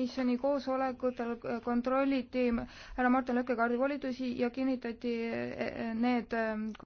komisjoni koosolekutel kontrolliti härra Martin Lõkkekaardi volitusi ja kinnitati need